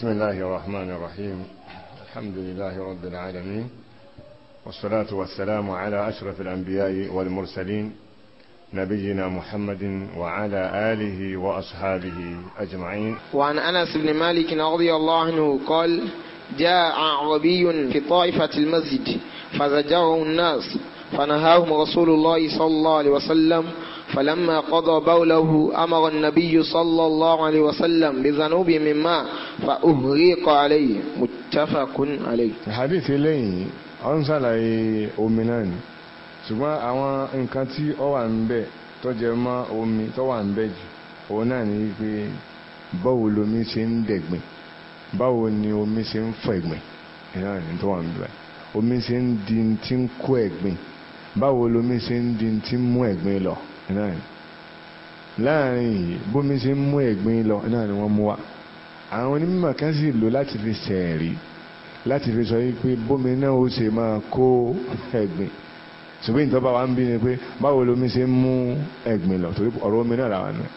بسم الله الرحمن الرحيم الحمد لله رب العالمين والصلاة والسلام على أشرف الأنبياء والمرسلين نبينا محمد وعلى آله وأصحابه أجمعين وعن أنس بن مالك رضي الله عنه قال جاء عربي في طائفة المسجد فزجره الناس فنهاهم رسول الله صلى الله عليه وسلم فلما قضى بوله أمر النبي صلى الله عليه وسلم بذنوب من ماء فأهريق عليه متفق عليه الحديث لين أنسى لي أمنان ṣùgbọ́n àwọn nǹkan tí ó wà ń bẹ̀ tó jẹ mọ́ omi tó wà ń bẹ̀ jù òun náà ni pé báwo lomi ṣe ń dẹ̀gbìn báwo ni omi ṣe ń fọ̀ ẹ̀gbìn ìyá ni tó wà ń bẹ̀ omi ṣe ń di ti ń kó ẹ̀gbìn báwo lomi ṣe ń di ti ń mú ẹ̀gbìn lọ náà ni láàrin yìí bómi ṣe ń mú ẹ̀gbin lọ náà ni wọ́n mú wa àwọn onímọ̀ kan sì lò láti fi sẹ̀rí láti fi sọ yìí pé bómi náà ó ṣe máa kó ẹ̀gbin ṣùgbọ́n ìtọ́ba wa ń bí ni pé báwo lomi ṣe ń mú ẹ̀gbin lọ torí ọ̀rọ̀ omi náà làwọn náà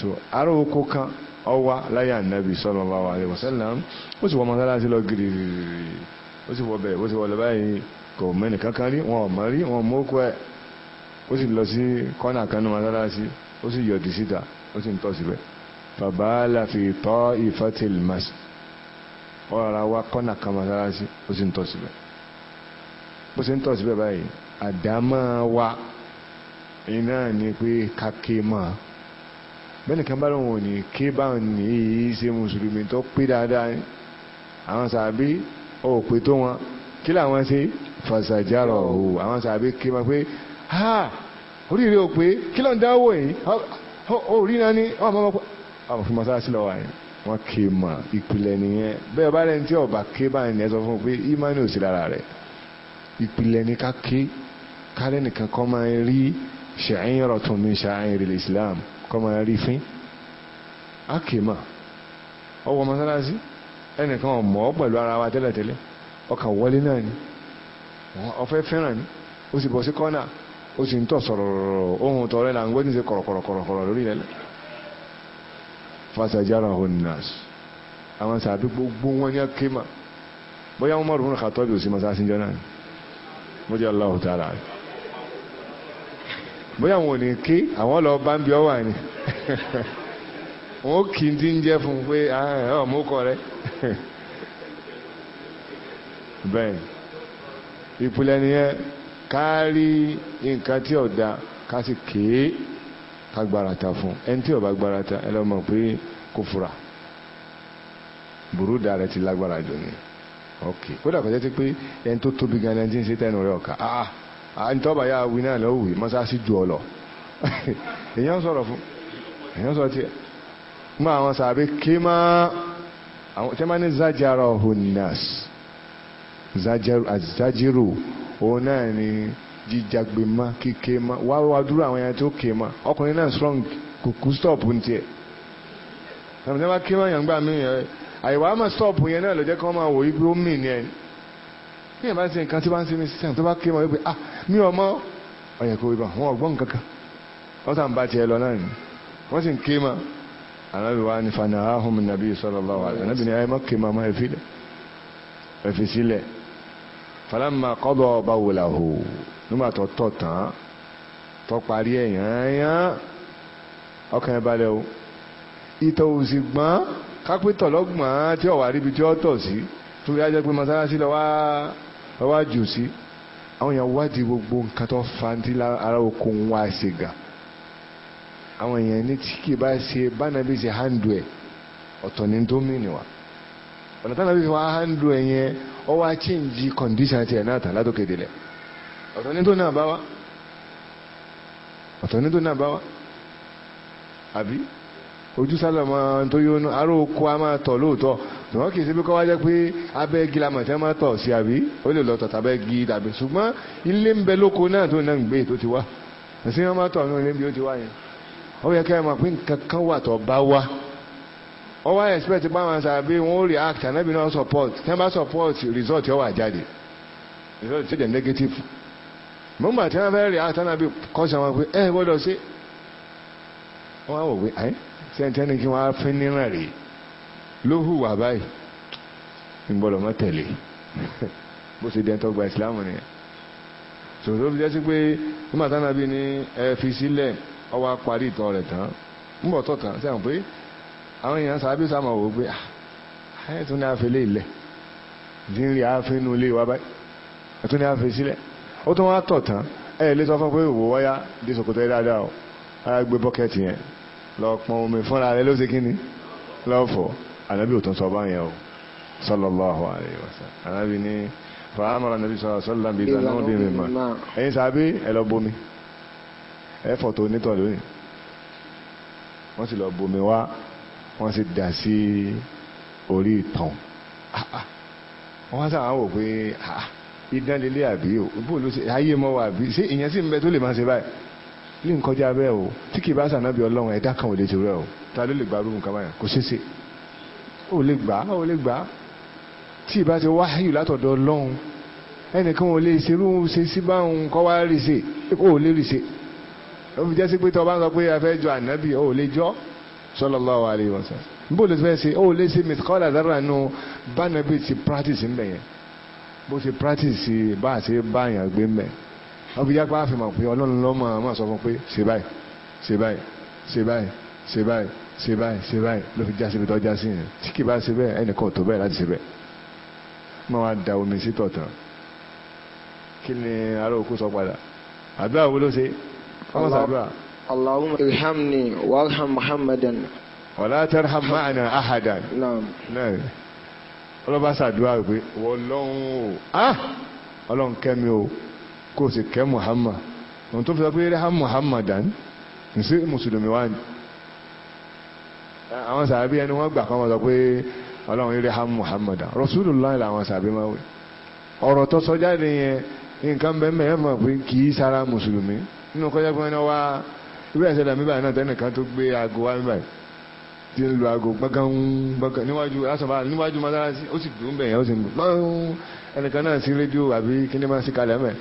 so aró oko kan ọwa láyé ànábì sallallahu alaihi wasallam ó sì wọ mọ́sálásí lọ gírígírí ó sì wọ bẹ́ẹ̀ ó sì wọ lọ báyìí kò mẹ́nì rí wọn ò mọ̀ rí wọn mú kú ẹ̀ ó sì lọ sí kọ́nà kanú mọ́sálásí ó sì yọ̀dí síta ó sì ń tọ́ síbẹ̀ fàbáàlà fi tọ́ ìfẹ́tìlì mọ́sí ó rárá wá kọ́nà kan mọ́sálásí ó sì ń tọ́ síbẹ̀ bó ṣe ń tọ́ síbẹ̀ báyìí àdámọ́ wa iná ni pé kàkè máa bẹ́ẹ̀ nìkan bá lóun ò ní ké báwọn nìyí ṣe mùsùlùmí tó pé dáadáa ni àwọn sàbí ò pé tó wọn kí làwọn ṣe fàṣàjárọ̀ ò àwọn sàbí ké máa pé Ah, oríire ò pé kí ló ń dáwọ́ yìí orí náà ni wọn máa pọ àwọn òfin mọ́sálásí lọ́wọ́ yẹn wọn kì í mọ ìpìlẹ̀ nìyẹn bẹ́ẹ̀ bá rẹ̀ ń tí ọba ké báyìí ni ẹ sọ fún un pé imani ò sí lára rẹ̀ ìpìlẹ̀ ni ká ké kárẹ́ nìkan kọ́ máa rí sha'iratun min sha'iril Islam kọ́ máa rí fín á kì í mọ̀ ọwọ́ mọ́sálásí ẹnìkan ò mọ̀ ọ́ pẹ̀lú ara wa tẹ́lẹ̀tẹ́lẹ̀ ọkà wọlé náà ni ọ̀fẹ́ fẹ́ràn ni ó sì bọ̀ sí kọ́nà ó sì ń tọ̀ sọ̀rọ̀rọ̀rọ̀ ohun tọ̀rẹ́ là ń gbé níṣe kọ̀rọ̀kọ̀rọ̀kọ̀rọ̀ lórí ilẹ̀ fasajara honnas àwọn sàbí gbogbo wọn ní akéma bóyá wọn mọ̀rún kà tọ́jú sí masá síjọ náà mo jẹ́ aláwọ̀ tààrà rẹ̀ bóyá wọn ò ní ké àwọn lọ bá ń bí ọ wà wọn ó kì í ti ń jẹ́ fún pé ah, ọmọ kọ rẹ bẹ́ẹ̀ ìpìlẹ̀ nìyẹn ká rí nǹkan tí ọ̀dà ká sì kéé ká gbarata fún ẹni tí ọba gbarata ẹ lọ́mọ pé kò fura burúkú rẹ ti lágbára jù ni ok kódà kọjá ti pé ẹni tó tóbi gan ẹni tí ń ṣe tẹnu rẹ ọ̀ka ah ah ní tọ́ba yà wí náà lọ́wọ́ wí mọ́sáàsì ju ọ lọ èèyàn sọ̀rọ̀ fún èèyàn sọ̀rọ̀ tiẹ̀ mọ àwọn sàbí ké má àwọn tí máa ní zajara ọ̀hún nas zajiru. òun náà ni jíjàgbé mọ́ kíké mọ́ wá wá dúró àwọn yẹn tó ké mọ́ ọkùnrin náà strong kò kú stop ní tiẹ̀ tàbí sábà ké mọ́ yàn gbà mí yẹn àyẹ̀wò àmọ́ stop yẹn náà ló jẹ́ máa wò yí pé ó mì ní ẹ̀ ní ìyẹn bá ń ṣe nǹkan tí wọ́n ń ṣe tó bá ké ah mi ò mọ́ ọ̀yẹ̀ kò ibà wọn wọ́n sàn bá tiẹ̀ lọ falamma qada bawlahu nígbà tó tọ̀ tán tó parí ẹ̀ yányán ọkàn ẹ̀ balẹ̀ o ìtọ̀ òsì gbọ́n kápẹ́tọ̀ lọ́gbọ̀n tí ọ̀wà ríbi tí ó tọ̀ sí tó yá jẹ́ pé mọ́sálásí lọ́wọ́ jù sí àwọn èèyàn wádìí gbogbo nǹkan tó fa ní ara oko ń wá ṣe àwọn èèyàn ní tí kì bá ṣe bánabí ṣe hàndù ẹ̀ ọ̀tọ̀ ní tó mìíràn wá. ọ̀nà táwọn àbí fi wá handle ẹ̀ yẹn change condition tiẹ̀ náà tà látòkè tó náà bá wá ọ̀tọ̀ ní tó náà bá wá àbí ojú sálọ mọ tó a máa tọ̀ lóòótọ́ ṣùgbọ́n kọ́ pé abẹ́ tí máa tọ̀ sí àbí ó lè lọ dàbí ṣùgbọ́n ilé ti wá ẹ̀sìn wọn máa tọ̀ ilé bí ti wá yẹn ó yẹ kí wà tó ọ wá expect pé àwọn sàbí wọn ó react ànábì náà support tí bá support result yóò wà jáde result ti jẹ́ negative mo mà tí wọ́n fẹ́ react ànábì kọ́ sí àwọn pé eh, ẹ gbọ́dọ̀ ṣe wọ́n á wò pé ẹ sẹ́ńtẹ́ni kí wọ́n á fín níràn tele. ló hùwà báyìí ń gbọ́dọ̀ mọ́ tẹ̀lé bó ṣe dẹ́ntọ́ gba ìsìláàmù nìyẹn ṣòro fi jẹ́ sí pé nígbà táwọn àbí ní ẹ fi sílẹ̀ ọwọ́ parí ìtọ́ rẹ̀ tán tọ̀ sẹ́wọ̀n pé àwọn èèyàn sàbí sàmọ̀ wò pé ah, ẹ̀ tún ní àfẹ́lẹ́ ilẹ̀ ìdínlẹ̀ àfẹ́nu ilé wa báyìí ẹ̀ tún ní àfẹ́ sílẹ̀ ó tún wá tọ̀ tán ẹ̀ lé sọ fún pé òwò wáyá dé ṣòkòtò ẹ̀ dáadáa o ara gbé bọ́kẹ́tì yẹn lọ pọn omi fúnra rẹ ló ṣe kí ni lọ́fọ̀ ànábì ò tún sọ bá yẹn o sallallahu alaihi wasallam ànábì ní fàámàrà nàbí sọ̀rọ̀ sọ́lá bíi ìdánáwó bíi mímọ́ ẹ̀yin sàbí ẹ̀ lọ bomi ẹ̀fọ̀ tó nítọ̀ lónìí wọ́n sì lọ bomi wá wọ́n sì dà sí orí ìtàn ah, ah. wọ́n á sàwọn wò pé ah, idán lélẹ̀ àbí o bóòlù ṣe ayé mọ́ wa àbí ṣé ìyẹn sì ń bẹ tó lè máa ṣe báyìí ní nkọjá bẹ́ẹ̀ o tí kì í bá sànà bí ọlọ́run ẹ̀dá kan ò lè ṣe rẹ o ta ló lè gba rúùn kan báyìí kò ṣeé ṣe ò lè gbà ò lè gbà tí ìbá ti wáyù látọ̀dọ̀ ọlọ́run ẹnìkan ò lè ṣerú ṣe sí báwọn kọ́ wá rí ṣe ò lè rí ṣe ó jẹ́ sí pé tọ́ bá sọ pé a jọ ànábì ò lè jọ́ sallallahu alayhi wa sallam bó lè fẹ́ ṣe ó lè ṣe mithqala dharra nù bánabi ti practice ńbẹ yẹn bó ṣe practice bá a ṣe bá yàn gbé ńbẹ ọkùnrin yá pa àfihàn pé ọlọ́run lọ́mọ àmọ́ sọ fún pé ṣe báyìí ṣe báyìí ṣe báyìí ṣe báyìí ṣe báyìí ṣe báyìí ló fi já síbi tó já sí yẹn tí kì bá ṣe bẹ́ẹ̀ ẹnìkan ò tó bẹ́ẹ̀ láti ṣe bẹ́ẹ̀ máa wá da omi sí tọ̀tàn kí ni ará òkú sọ padà àdúrà wo ló ṣe ọmọ sàdúrà اللهم ارحمني وارحم محمدا ولا ترحم معنا أحدا نعم نعم ọlọ́ba ṣàdúrà pé wọlọ́hún o ah! ọlọ́run kẹ́mi o kò sì kẹ́ muhammad ohun tó fi sọ pé rẹ́hà muhammadan ǹsí mùsùlùmí wá ní àwọn sàbí ẹni wọ́n gbà kan wọ́n sọ pé ọlọ́run rẹ́hà muhammadan rasulullah làwọn sàbí máa wẹ̀ ọ̀rọ̀ tó sọ jáde yẹn nǹkan bẹ́ẹ̀ mẹ́rin mọ̀ pé kì í sara mùsùlùmí nínú kọjá pé wọ́n wá irú ẹ̀sẹ̀ lẹ́mí báyìí náà tẹ́nìkan tó gbé aago wá níbàyí tí ń lu aago gbọ́ngàn gbọ́ngàn níwájú asọ̀bá níwájú mọ́sálásí ó sì dùn bẹ̀yẹn ó sì ń bọ̀ lọ́rùn ẹnìkan náà sí rédíò àbí kíní máa sí kalẹ̀ mẹ́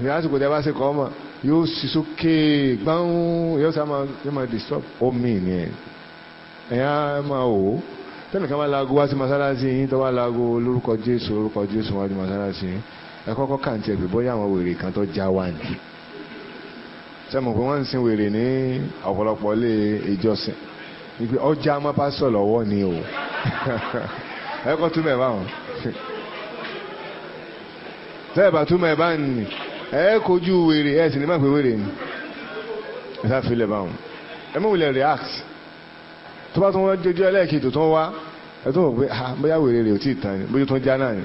ní àsìkò tẹ́ bá sì kọ́ ọmọ yóò sì sókè gbọ́n yóò sá máa disturb omi nìyẹn ẹ̀yà máa wò ó tẹ́nìkan máa laago wá sí mọ́sálásí yín tó wá laago lórúkọ Jésù lórúkọ Jésù wájú mọ́sálásí yín ẹ̀kọ́kọ́ kàǹtì ẹ̀gbẹ́ bóyá àwọn wèrè kan tó já wà ní sẹ́mu pé wọ́n ń sin wèrè ní ọ̀pọ̀lọpọ̀ ilé ìjọsìn wípé ọjà má bá sọ̀ lọ́wọ́ ni o ẹ kọ́ túmọ̀ ẹ̀ báwọn sẹ́ẹ̀ bá túmọ̀ ẹ̀ bá ń nì ẹ kojú wèrè ẹ sì ní má pé wèrè ni ẹ sá filẹ̀ báwọn ẹ mọ̀ wílẹ̀ react tó bá tún wọ́n jẹjọ́ ẹlẹ́ẹ̀kejì tó tún wá ẹ tún wọ̀ pé ah bóyá wèrè rè ò tí ì tán ni bójú tún já náà ni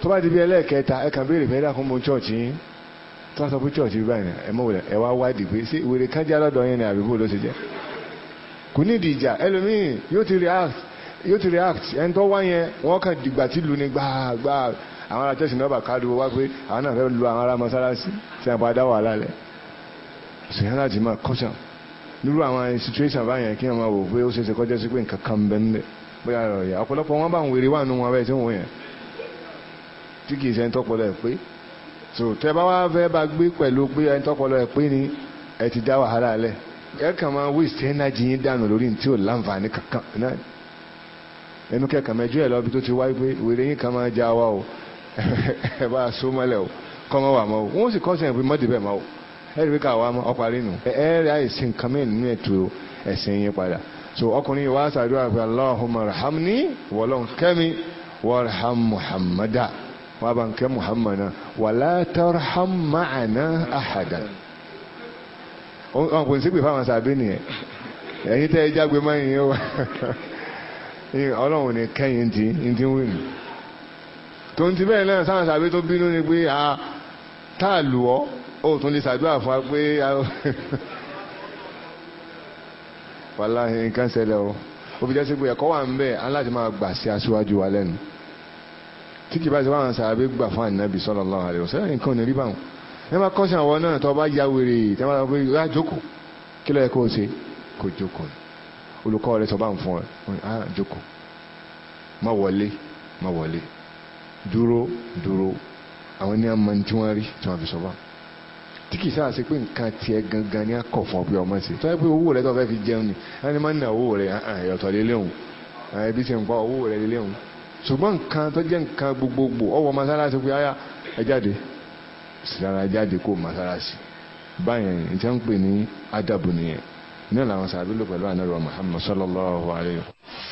tó bá di bí ẹlẹ́ẹ̀kẹta ẹ kàn béèrè fẹ́ dákun mọ́ chọ́ọ̀chì tó wọ́n sọ pé church báyìí ni ẹ mọ̀ wọlé ẹ wá wádìí pé ṣé wèrè kan jẹ́ alọ́dọ̀ yẹn ni àbíkú ló ṣe jẹ́ kò ní ìdí ìjà ẹlòmíì yóò ti react yóò ti react ẹni tó wá yẹn wọ́n kàn dìgbà tí lu ni gbàgbà àwọn ará tẹ̀sí nọ́ọ̀bà kádùn wá pé àwọn náà fẹ́ lu àwọn ará mọ́sálásí tí a padà wà lálẹ́ ṣèyàn láti máa caution nírú àwọn situation báyẹn kí wọ́n máa wò pé ó ṣeéṣe kọjá sí pé nǹkan kan bẹ́ẹ̀ ń bẹ́ẹ̀ bóyá ọ̀rọ̀ yà ọ̀pọ̀lọpọ̀ wọn bá ń ṣe ń so tẹ bá wá fẹ́ bá gbé pẹ̀lú pé ẹni tọpọlọ ẹ pé ni ẹ ti dá wàhálà lẹ ẹ kàn máa waste energy yín dànù lórí ní tí ò láǹfààní kankan náà ẹnu kẹkàn mẹjọ ẹ lọbi tó ti wáyé pé wèrè yín kan máa já wa o ẹ bá a so mọ́lẹ̀ o kọ́ mọ́ wà mọ́ o wọ́n sì kọ́ sẹ́yìn pé mọ́dì bẹ́ẹ̀ o ẹ rí ká wa mọ́ ọ parí nù ẹ ẹ rí àìsí nǹkan mẹ́rin nínú ètò ẹ̀sìn yín padà so ọkùnrin yìí wá sàdúrà pé Allahumma rahamni wọlọ́n kẹ́mi warham wọn bá ń kẹ́ Muhammad náà wàlá tarham ma'ana ahada wọn kò sí pé fáwọn sàbí nìyẹn ẹ̀yin tẹ́ ẹ jágbe máa ń yẹn wá ọlọ́run ní kẹ́yìn ti ń ti wí nù tó ń ti bẹ́ẹ̀ náà sáwọn sàbí tó bínú ni pé a tá a lù ọ́ ó tún lè ṣàdúrà fún wa pé wàláhì nǹkan ṣẹlẹ̀ o ó jẹ́ sí pé ẹ̀kọ́ wà ń bẹ̀ aláàtí máa gbà sí aṣíwájú wa lẹ́nu tí kì bá ti wáhàn sàbẹ̀ gbà fún ànábì sallallahu alaihi wasallam nǹkan ní rí báwọn ẹ máa kọ́ sí àwọn náà tó bá ya wèrè tẹ́ máa pé yá jókòó kí ló yẹ kó o ṣe kó jókòó olùkọ́ rẹ sọ bá ń fún ẹ á jókòó má wọlé má wọlé dúró dúró àwọn ní àmọ́ tí wọ́n rí tí wọ́n fi sọ bá tí kì sáà ṣe pé nǹkan tiẹ̀ gangan ní akọ̀ fún ọ ọmọ ṣe tó pé owó rẹ tó fẹ́ fi jẹun ni ẹni máa ń ná owó rẹ ẹ̀yọ̀tọ̀ lélẹ́hùn ẹbí ti ń pa owó rẹ lélẹ́hùn ṣùgbọ́n nǹkan tó jẹ́ nǹkan gbogbogbò ọwọ́ masalasi pé aya ẹ jáde sìlára jáde kó masalasi báyẹn ní tí wọ́n ń pè ní adabu nìyẹn ní ọ̀làwọn sàbílò pẹ̀lú àná rọ Muhammad sallallahu alayhi wa sallam.